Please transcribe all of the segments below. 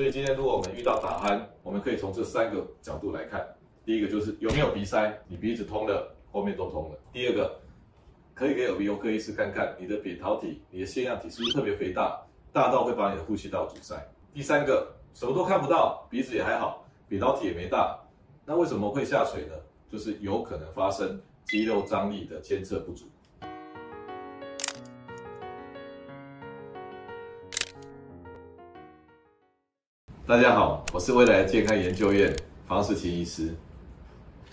所以今天如果我們遇到打鼾，我們可以從這三個角度來看：第一個就是有沒有鼻塞，你鼻子通了，後面都通了；第二個，可以給耳鼻喉科醫師看看你的扁桃體、你的腺樣體是不是特別肥大，大到會把你的呼吸道阻塞；第三個，什麼都看不到，鼻子也還好，扁桃體也沒大，那為什麼會下垂呢？就是有可能發生肌肉張力的監測不足。大家好，我是未來健康研究院方識欽醫師。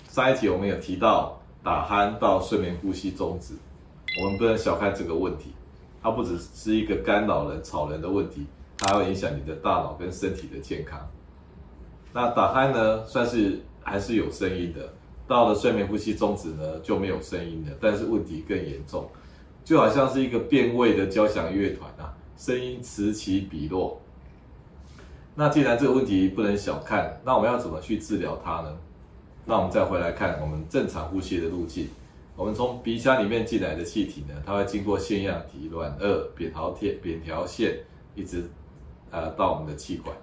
上一集我們有提到打鼾、到睡眠呼吸中止，我們不能小看這個問題，它不只是一個干擾人吵人的問題，它還會影響你的大腦跟身體的健康。那打鼾呢，算是還是有聲音的；到了睡眠呼吸中止呢，就沒有聲音了，但是問題更嚴重，就好像是一個變味的交響樂團啊，聲音此起彼落。那既然這個問題不能小看，那我們要怎麼去治療它呢？那我們再回來看我們正常呼吸的路徑。我們從鼻腔裡面進來的氣體呢，它會經過腺樣體、軟齶、扁桃體、扁桃腺，一直呃到我們的氣管。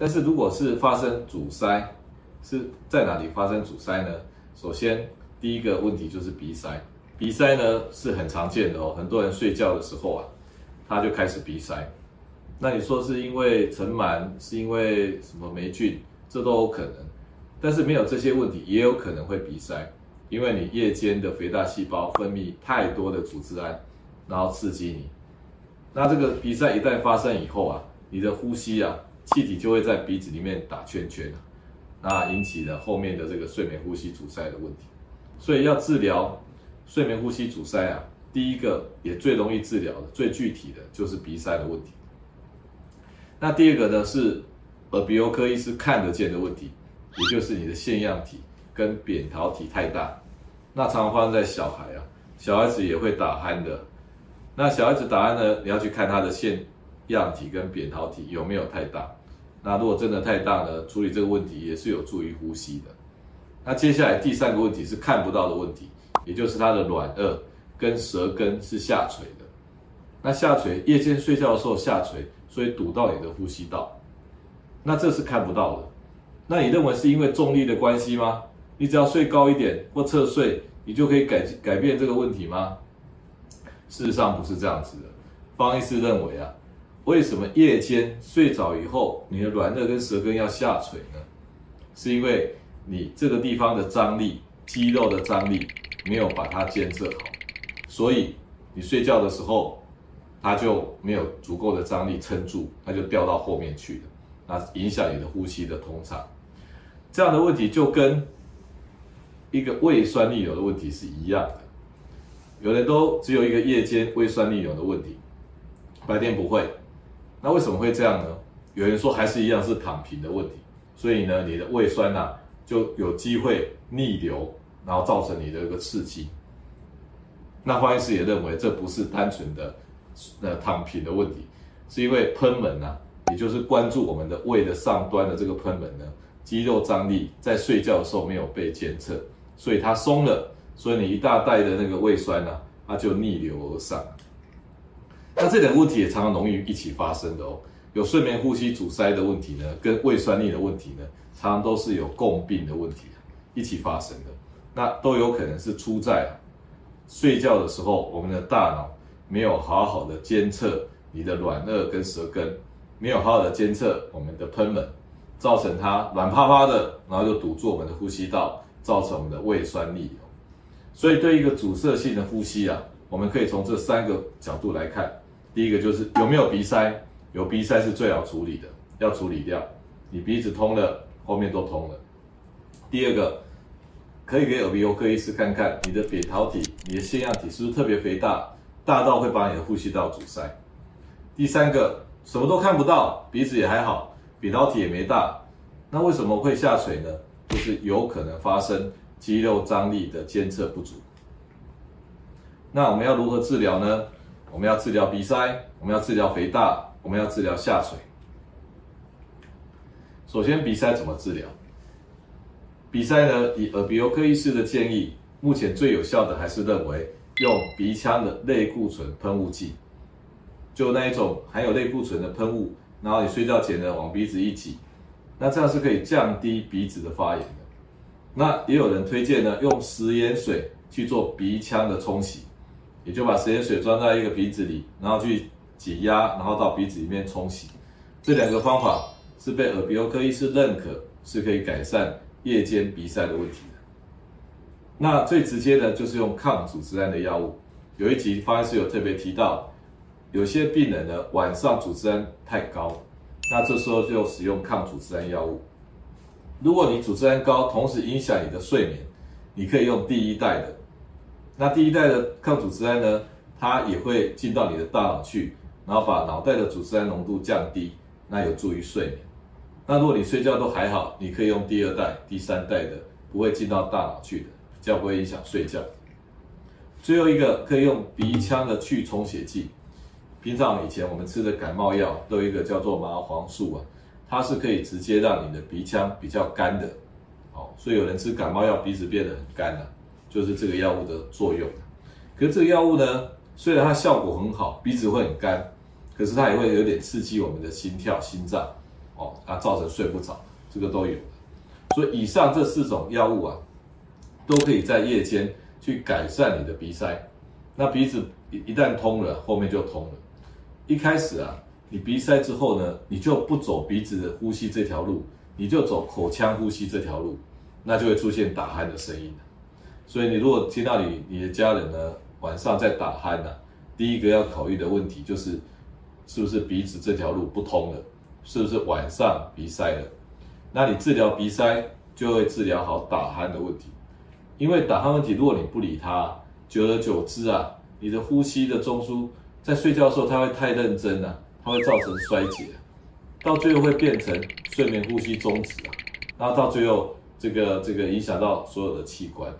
但是如果是發生阻塞，是在哪裡發生阻塞呢？首先第一個問題就是鼻塞。鼻塞呢是很常見的哦，很多人睡覺的時候啊，他就開始鼻塞。那你說是因為塵蟎，是因為什麼霉菌，這都有可能。但是沒有這些問題，也有可能會鼻塞，因為你夜間的肥大細胞分泌太多的組織胺，然後刺激你。那這個鼻塞一旦發生以後啊，你的呼吸啊，氣體就會在鼻子裡面打圈圈啊，那引起了後面的這個睡眠呼吸阻塞的問題。所以要治療睡眠呼吸阻塞啊，第一個也最容易治療的、最具體的就是鼻塞的問題。那第二個呢，是耳鼻喉科醫師看得見的問題，也就是你的腺樣體跟扁桃體太大。那常常發生在小孩啊，小孩子也會打鼾的。那小孩子打鼾呢，你要去看他的腺樣體跟扁桃體有沒有太大。那如果真的太大呢，處理這個問題也是有助於呼吸的。那接下來第三個問題是看不到的問題，也就是他的軟腭跟舌根是下垂的。那下垂，夜間睡覺的時候下垂。所以堵到你的呼吸道，那這是看不到的。那你認為是因為重力的關係嗎？你只要睡高一點或側睡，你就可以改改變這個問題嗎？事實上不是這樣子的。方醫師認為啊，為什麼夜間睡着以後你的軟腭跟舌根要下垂呢？是因為你這個地方的張力、肌肉的張力沒有把它監測好，所以你睡覺的時候。它就沒有足夠的張力撐住，它就掉到後面去了，那影響你的呼吸的通暢。這樣的問題就跟一個胃酸逆流的問題是一樣的。有人都只有一個夜間胃酸逆流的問題，白天不會。那為什麼會這樣呢？有人說還是一樣是躺平的問題，所以呢，你的胃酸吶、啊，就有機會逆流，然後造成你的一個刺激。那方醫師也認為這不是單純的。呃，躺平的問題，是因為賁門吶、啊，也就是關住我們的胃的上端的這個賁門呢，肌肉張力在睡覺的時候沒有被監測，所以它鬆了，所以你一大袋的那個胃酸呢、啊，它就逆流而上。那這兩個問題也常常容易一起發生的哦。有睡眠呼吸阻塞的問題呢，跟胃酸逆的問題呢，常常都是有共病的問題，一起發生的。那都有可能是出在、啊、睡覺的時候，我們的大腦。沒有好好的監測你的軟腭跟舌根，沒有好好的監測我們的賁門，造成它軟趴趴的，然後就堵住我們的呼吸道，造成我們的胃酸逆流。所以對一個阻塞性的呼吸啊，我們可以從這三個角度來看。第一個就是有沒有鼻塞，有鼻塞是最好處理的，要處理掉。你鼻子通了，後面都通了。第二個，可以給耳鼻喉科醫師看看你的扁桃體、你的腺樣體是不是特別肥大。大到會把你的呼吸道阻塞。第三個，什麼都看不到，鼻子也還好，扁桃體也沒大，那為什麼會下垂呢？就是有可能發生肌肉張力的監測不足。那我們要如何治療呢？我們要治療鼻塞，我們要治療肥大，我們要治療下垂。首先，鼻塞怎麼治療？鼻塞呢？以耳鼻喉科醫師的建議，目前最有效的還是認為。用鼻腔的類固醇噴霧劑，就那一種含有類固醇的噴霧，然後你睡覺前呢，往鼻子一擠，那這樣是可以降低鼻子的發炎的。那也有人推薦呢，用食鹽水去做鼻腔的沖洗，也就把食鹽水裝在一個鼻子裡，然後去擠壓，然後到鼻子裡面沖洗。這兩個方法是被耳鼻喉科醫師認可，是可以改善夜間鼻塞的問題。那最直接的，就是用抗組織胺的藥物。有一集《發現》是有特別提到，有些病人呢，晚上組織胺太高，那這時候就使用抗組織胺藥物。如果你組織胺高，同時影響你的睡眠，你可以用第一代的。那第一代的抗組織胺呢，它也會進到你的大腦去，然後把腦袋的組織胺濃度降低，那有助於睡眠。那如果你睡覺都還好，你可以用第二代、第三代的，不會進到大腦去的。叫不會影響睡覺。最後一個可以用鼻腔的去充血劑。平常以前我們吃的感冒藥都有一個叫做麻黃素啊，它是可以直接讓你的鼻腔比較乾的。所以有人吃感冒藥鼻子變得很乾啊，就是這個藥物的作用。可是這個藥物呢，雖然它效果很好，鼻子會很乾，可是它也會有點刺激我們的心跳、心臟，哦，它造成睡不着，這個都有。所以以上這四種藥物啊。都可以在夜間去改善你的鼻塞，那鼻子一一旦通了，後面就通了。一開始啊，你鼻塞之後呢，你就不走鼻子的呼吸這條路，你就走口腔呼吸這條路，那就會出現打鼾的聲音，所以你如果聽到你，你的家人呢，晚上在打鼾了啊，第一個要考慮的問題就是是不是鼻子這條路不通了，是不是晚上鼻塞了？那你治療鼻塞就會治療好打鼾的問題。因為打鼾問題，如果你不理它，久而久之啊，你的呼吸的中樞在睡覺的時候它會太認真了、啊，它會造成衰竭，到最後會變成睡眠呼吸中止啊，然後到最後這個這個影響到所有的器官。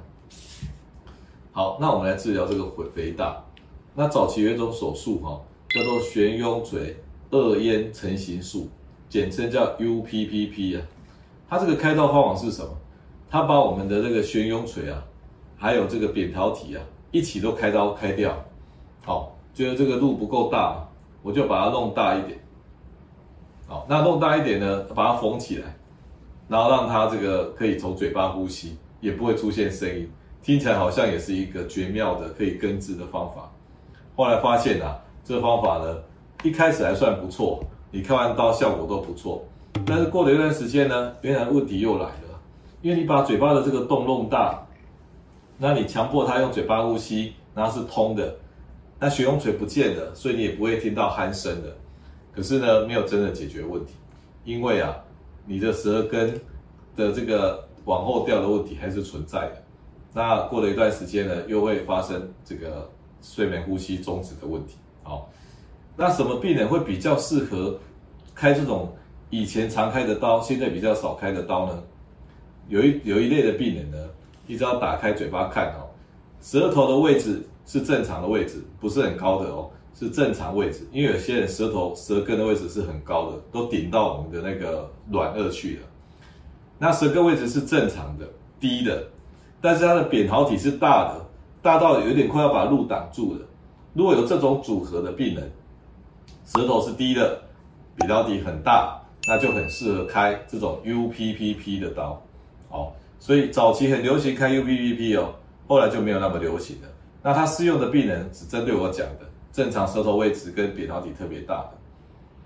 好，那我們來治療這個肥肥大，那早期有一種手術哈、哦，叫做懸雍垂腭咽成形術，簡稱叫 UPPP 啊，它這個開刀方法是什麼？他把我們的這個懸雍垂啊，還有這個扁桃體啊，一起都開刀開掉。好，覺得這個路不夠大，我就把它弄大一點。好，那弄大一點呢，把它縫起來，然後讓它這個可以從嘴巴呼吸，也不會出現聲音，聽起來好像也是一個絕妙的可以根治的方法。後來發現啊，這個方法呢，一開始還算不錯，你開完刀效果都不錯。但是過了一段時間呢，原來問題又來了。因為你把嘴巴的這個洞弄大，那你強迫他用嘴巴呼吸，那是通的，那懸壅垂不見了，所以你也不會聽到鼾聲的。可是呢，沒有真的解決問題，因為啊，你的舌根的這個往後掉的問題還是存在的。那過了一段時間呢，又會發生這個睡眠呼吸中止的問題。好，那什麼病人會比較適合開這種以前常開的刀，現在比較少開的刀呢？有一，有一類的病人呢，一直要打開嘴巴看哦，舌頭的位置是正常的位置，不是很高的哦，是正常位置。因為有些人舌頭舌根的位置是很高的，都頂到我們的那個軟腭去了。那舌根位置是正常的低的，但是它的扁桃體是大的，大到有點快要把路擋住了。如果有這種組合的病人，舌頭是低的，扁桃體很大，那就很適合開這種 UPPP 的刀。好、哦，所以早期很流行開 UPPP 哦，後來就沒有那麼流行了。那它適用的病人只針對我講的正常舌頭位置跟扁桃體特別大的。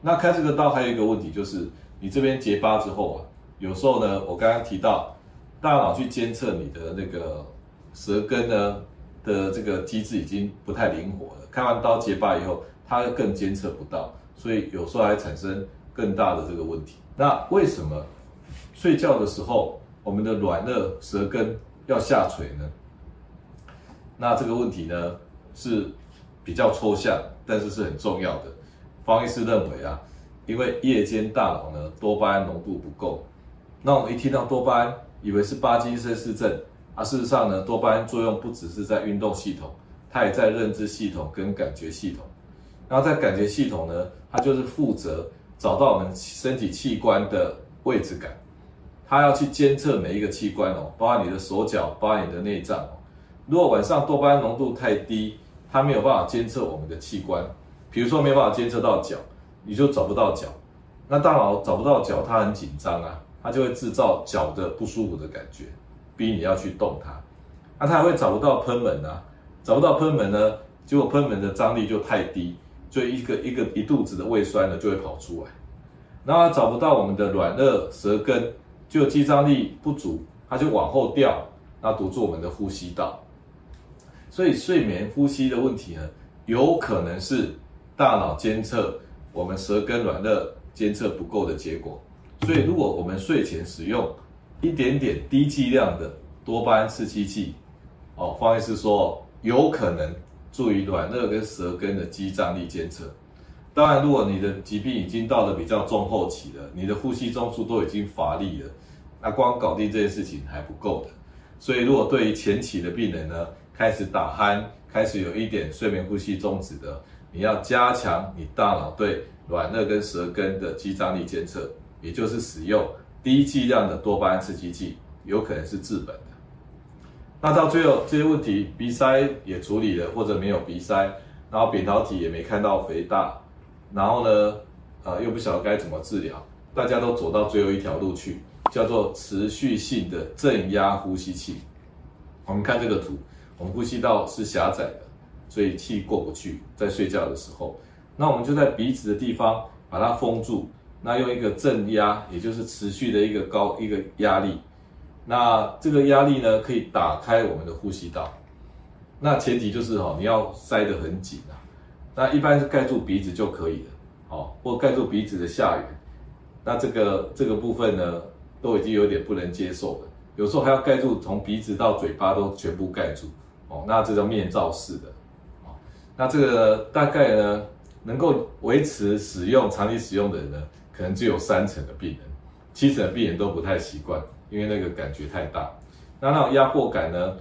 那開這個刀還有一個問題就是，你這邊結疤之後啊，有時候呢，我剛剛提到大腦去監測你的那個舌根呢的這個機制已經不太靈活了。開完刀結疤以後，它更監測不到，所以有時候還產生更大的這個問題。那為什麼睡覺的時候，我們的軟腭、舌根要下垂呢，那這個問題呢是比較抽象，但是是很重要的。方醫師認為啊，因為夜間大腦呢多巴胺濃度不夠，那我們一聽到多巴胺，以為是帕金森氏症啊，事實上呢，多巴胺作用不只是在運動系統，它也在認知系統跟感覺系統。然後在感覺系統呢，它就是負責找到我們身體器官的位置感。他要去監測每一個器官哦，包括你的手腳，包括你的內臟、哦。如果晚上多巴胺濃度太低，它沒有辦法監測我們的器官，比如說沒有辦法監測到腳，你就找不到腳，那大腦找不到腳，它很緊張啊，它就會製造腳的不舒服的感覺，逼你要去動它。那它還會找不到噴門啊，找不到噴門呢，結果噴門的張力就太低，就一個一個一肚子的胃酸呢就會跑出來。然後找不到我們的軟腭、舌根。就肌張力不足，它就往後掉，那堵住我們的呼吸道。所以睡眠呼吸的問題呢，有可能是大腦監測我們舌根軟腭監測不夠的結果。所以如果我們睡前使用一點點低劑量的多巴胺刺激劑，哦，方醫師說，有可能助於軟腭跟舌根的肌張力監測。當然，如果你的疾病已經到了比較中後期了，你的呼吸中樞都已經乏力了，那光搞定這件事情還不夠的。所以，如果對於前期的病人呢，開始打鼾，開始有一點睡眠呼吸中止的，你要加強你大腦對軟腭跟舌根的肌張力檢測，也就是使用低劑量的多巴胺刺激劑，有可能是治本的。那到最後這些問題，鼻塞也處理了，或者沒有鼻塞，然後扁桃體也沒看到肥大。然後呢，呃，又不曉得該怎麼治療，大家都走到最後一條路去，叫做持續性的正壓呼吸器。我們看這個圖，我們呼吸道是狹窄的，所以氣過不去。在睡覺的時候，那我們就在鼻子的地方把它封住，那用一個正壓，也就是持續的一個高一個壓力。那這個壓力呢，可以打開我們的呼吸道。那前提就是哈、哦，你要塞得很緊啊。那一般是蓋住鼻子就可以了，哦，或蓋住鼻子的下緣。那這個這個部分呢，都已經有點不能接受了。有時候還要蓋住從鼻子到嘴巴都全部蓋住，哦，那這叫面罩式的，哦，那這個大概呢，能夠維持使用、長期使用的人呢，可能只有三成的病人，七成的病人都不太習慣，因為那個感覺太大，那那種壓迫感呢，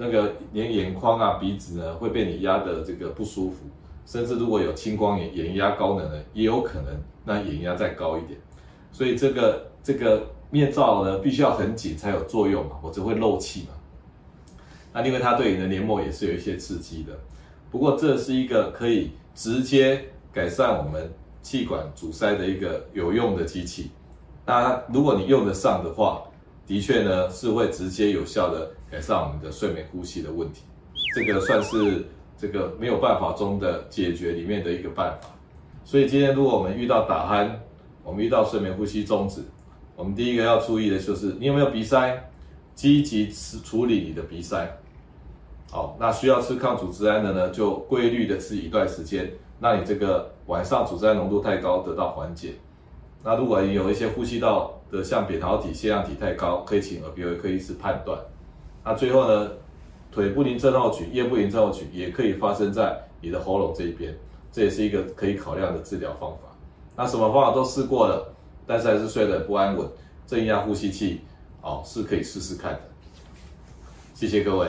那個連眼眶啊、鼻子呢會被你壓的這個不舒服，甚至如果有青光眼、眼壓高的人，也有可能那眼壓再高一點。所以這個這個面罩呢，必須要很緊才有作用嘛，否則會漏氣嘛。那因為它對你的黏膜也是有一些刺激的。不過這是一個可以直接改善我們氣管阻塞的一個有用的機器。那如果你用得上的話，的確呢是會直接有效的。改善我們的睡眠呼吸的問題，這個算是這個沒有辦法中的解決裡面的一個辦法。所以今天如果我們遇到打鼾，我們遇到睡眠呼吸中止，我們第一個要注意的就是你有沒有鼻塞，積極處理你的鼻塞。好，那需要吃抗組織胺的呢，就規律的吃一段時間，讓你這個晚上組織胺濃度太高得到緩解。那如果你有一些呼吸道的像扁桃體腺樣體太高，可以請耳鼻喉科醫師判斷。那、啊、最後呢，腿不寧症候群、夜不寧症候群，也可以發生在你的喉嚨這一邊，這也是一個可以考量的治療方法。那什麼方法都試過了，但是還是睡得很不安穩，正壓呼吸器哦是可以試試看的。謝謝各位。